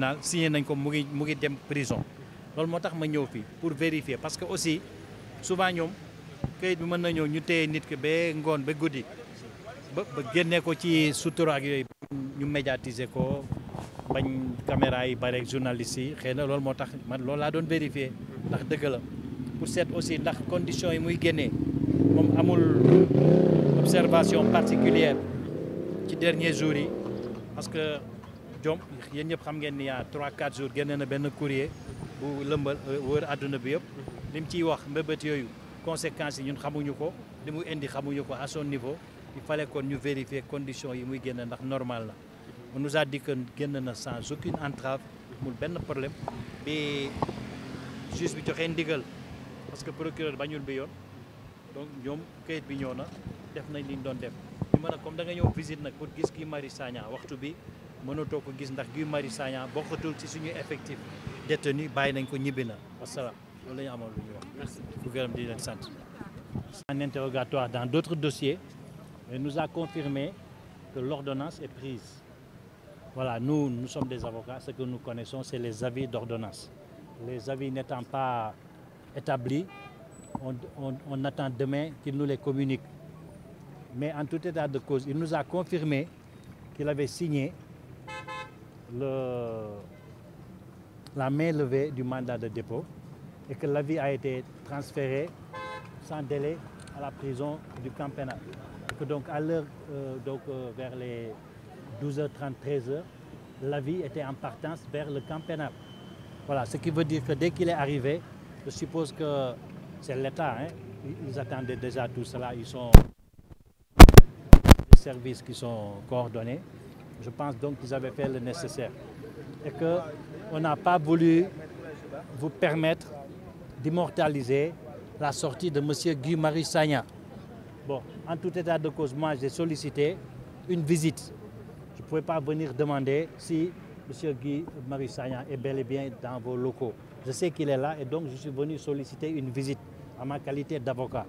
naa signé nañ ko mu ngi mu ngi dem prison loolu moo tax ma ñëw fii pour vérifier parce que aussi souvent ñoom kayit bi mën na ñu téye nit ki ba ngoon ba guddi ba génnee ko ci sutura ak yooyu ñu médiatiser ko bañ caméra yi bare journalistes yi xëy na loolu moo tax man lool laa doon vérifier ndax dëgg la pour seet aussi ndax conditions yi muy génnee moom amul observation particulière ci dernier jour yi parce que jom yéen ñëpp xam ngeen ni yaa 3 4 jours génne na benn courrier bu lëmbal euh, wër àdduna bi yëpp li ciy wax mbébét yooyu conséquence yi ñun xamuñu ko li mu indi xamuñu ko à son niveau yi fallait kon ñu vérifier condition yi muy génn ndax normal na on nous a dit génn na sans aucune entrave mu benn problème bi juge bi joxee ndigal parce que procureur bañul bi yoon donc ñoom kayit bi ñëw na def nañ li doon def ñu mën a comme da ñëw bi mënatoo ko gis ndax Guy Marius Sagna bokkatul ci suñu effectif détenu bàyyi nañ ko ñibbi na wasalaam loolu la ñu amoon lu ñu wax. merci bu gërëm di leen sant. en interrogatoire dans d' autres dossiers il nous a confirmé que l'ordonnance est prise voilà nous nous sommes des avocats ce que nous connaissons c'est les avis d'ordonnance les avis n'étant pas établis on, on, on attend demain qu'il nous les communique mais en tout état de cause il nous a confirmé qu'il avait le, la main levée du mandat de dépôt et que l'avis a à la prison du camp pénal. donc à l'heure, euh, donc euh, vers les 12h30, 13 le camp pénal. Voilà, ce qui veut dire que dès que c'est l'État, hein, ils attendaient déjà tout cela, ils sont des services qui Je pense donc qu'ils avaient fait le nécessaire. Et qu'on n'a pas voulu vous permettre d'immortaliser la sortie de M. Guy-Marie Sagna. Bon, en tout état de cause, moi, j'ai sollicité une visite. Je ne pouvais pas venir demander si M. Guy-Marie Sagna est bel et bien dans vos locaux. Je sais qu'il est là et donc je suis venu solliciter une visite à ma qualité d'avocat.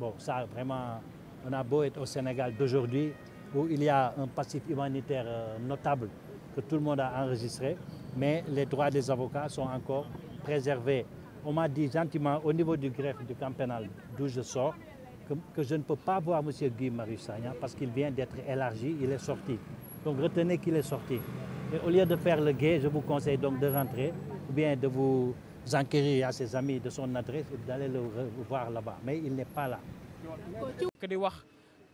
Bon, ça, vraiment, on a beau être au Sénégal d'aujourd'hui, où il y a un passif humanitaire euh, notable que tout le monde a enregistré, mais les droits des avocats sont encore préservés. On m'a dit gentiment au niveau du greffe du camp pénal d'où je sors que, que, je ne peux pas voir M. Guy Marissagna parce qu'il vient d'être élargi, il est sorti. Donc retenez qu'il est sorti. le guet, je vous conseille donc de rentrer ou bien de vous enquérir à ses amis de son adresse et d'aller le voir là Mais il n'est pas là.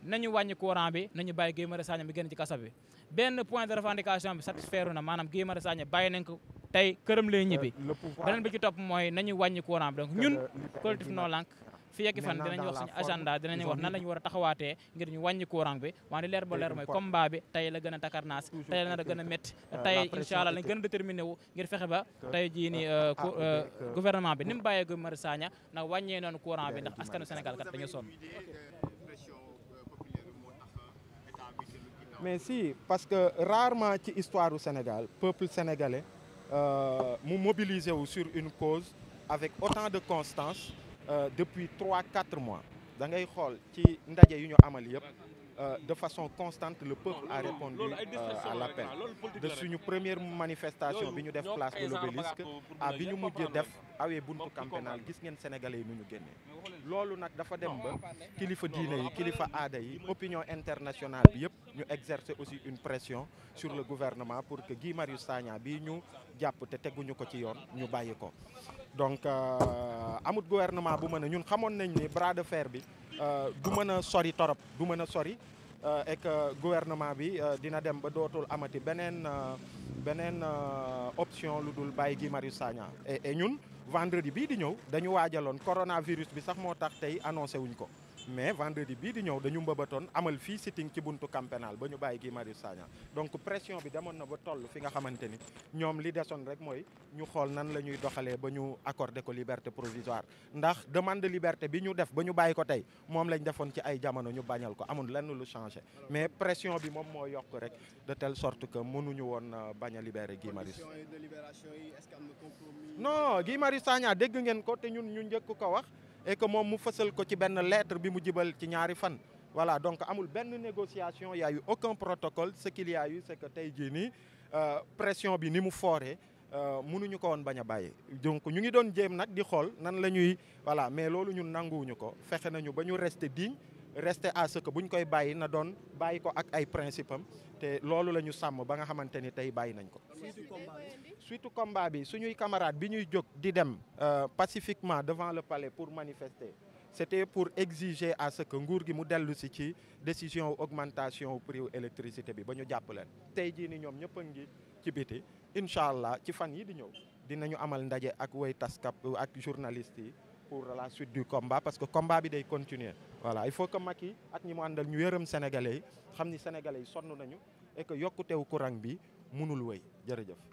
nañu wàññi courant bi nañu bàyyi Guy Marius Sagna bi génn ci kaso bi benn point de revendication bi satisfaire na maanaam Guy Marius Sagna bàyyi nañ ko tey këram lay ñibbi euh, beneen bi ci topp mooy nañu wàññi courant bi donc ñun collectif Noo Lank fii ak wax suñu agenda dinañ wax nan la ñu a taxawaatee ngir ñu wàññi courant bi waaye leer ba leer mooy combat bi tey la gën a takarnaas a métti euh, tey incha gën a déterminé wu ngir fexe ba tey jii nii euh, ah, ah, gouvernement bi ni mu bàyyee Guy Marius Sagna nag wàññee noonu courant bi ndax askanu Sénégal kat dañu sonn mais si parce que rarement ci histoire du Sénégal peuple sénégalais euh, mu mobiliser wu sur une cause avec autant de constance euh, depuis trois quatre mois da ngay xool ci ndaje yu ñu amal yëpp euh, de façon constante le peuple a répondu à l'appel de suñu première manifestation bi ñu def place de l'obélisque à bi ñu mujj def awee buntu camp gis ngeen sénégalais yi nu ñu génnee loolu nag dafa dem ba kilifa diine yi kilifa aada yi opinion internationale bi yëpp ñu exercer aussi une pression sur le gouvernement pour que Guy Marius Sagna bii ñu jàpp te teguñu ko ci yoon ñu bàyyi ko. donc euh, amut gouvernement bu mën a ñun xamoon nañ ni bras de fer bi euh, du mën a sori torop du mën a sori euh, et que gouvernement bi dina dem ba dootul amati beneen beneen option lu dul bàyyi Guy Marius Sagna ñun vendredi bii di ñëw dañu waajaloon coronavirus bi sax moo tax tey annoncé wuñ ko. mais vendredi bii di ñëw dañu mbëbatoon amal fii sitting ci buntu camp ba ñu bàyyi Guy Marius donc pression bi demoon na ba toll fi nga xamante ni ñoom li desoon rek mooy ñu xool nan la ñuy doxalee ba ñu accordé ko liberté provisoire ndax demande de liberté bi ñu def ba ñu bàyyi ko tey moom lañ defoon ci ay jamono ñu bañal ko amul lenn lu changé mais pression bi moom moo yokk rek de tell sort que mënuñu woon euh, baña a libéré Guy Marius non Guy Marius Sagna dégg ngeen ko te ñun ñu njëkk ko wax et que moom mu fësal ko ci benn lettre bi mu jibal ci ñaari fan. voilà donc amul benn négociation y a eu aucun protocole ce qu'il y a que tey jii nii euh, pression bi ni mu fooree euh, mënuñu ko woon bañ a bàyyi donc ñu ngi doon jéem nag di xool nan la ñuy voilà mais loolu ñun nanguwuñu ko fexe nañu ba ñu rester digne reste à ce bu ñu koy bàyyi na doon bàyyi ko ak ay principam te loolu la ñu sàmm ba nga xamante ni tey bàyyi nañ ko. surtout combat bi suñuy camarade bi ñuy jóg di dem euh, pacifiquement devant le palais pour manifester c'était pour exiger à ce que nguur gi mu dellu si ci décision augmentation prix électricité bi ba ñu jàpp leen. tey jii ni ñoom ñëpp a ngi ci biti incha allah ci fan yi di ñëw dinañu amal ndaje ak woy taskap ak journalistes yi. pour la suite du combat parce que combat bi dey continuer voilà il faut que yi ak ñi mu àndal ñu yërëm sénégalais yi xam ni sénégalais yi sonn nañu et que yokkutewu courant bi munul woy jërëjëf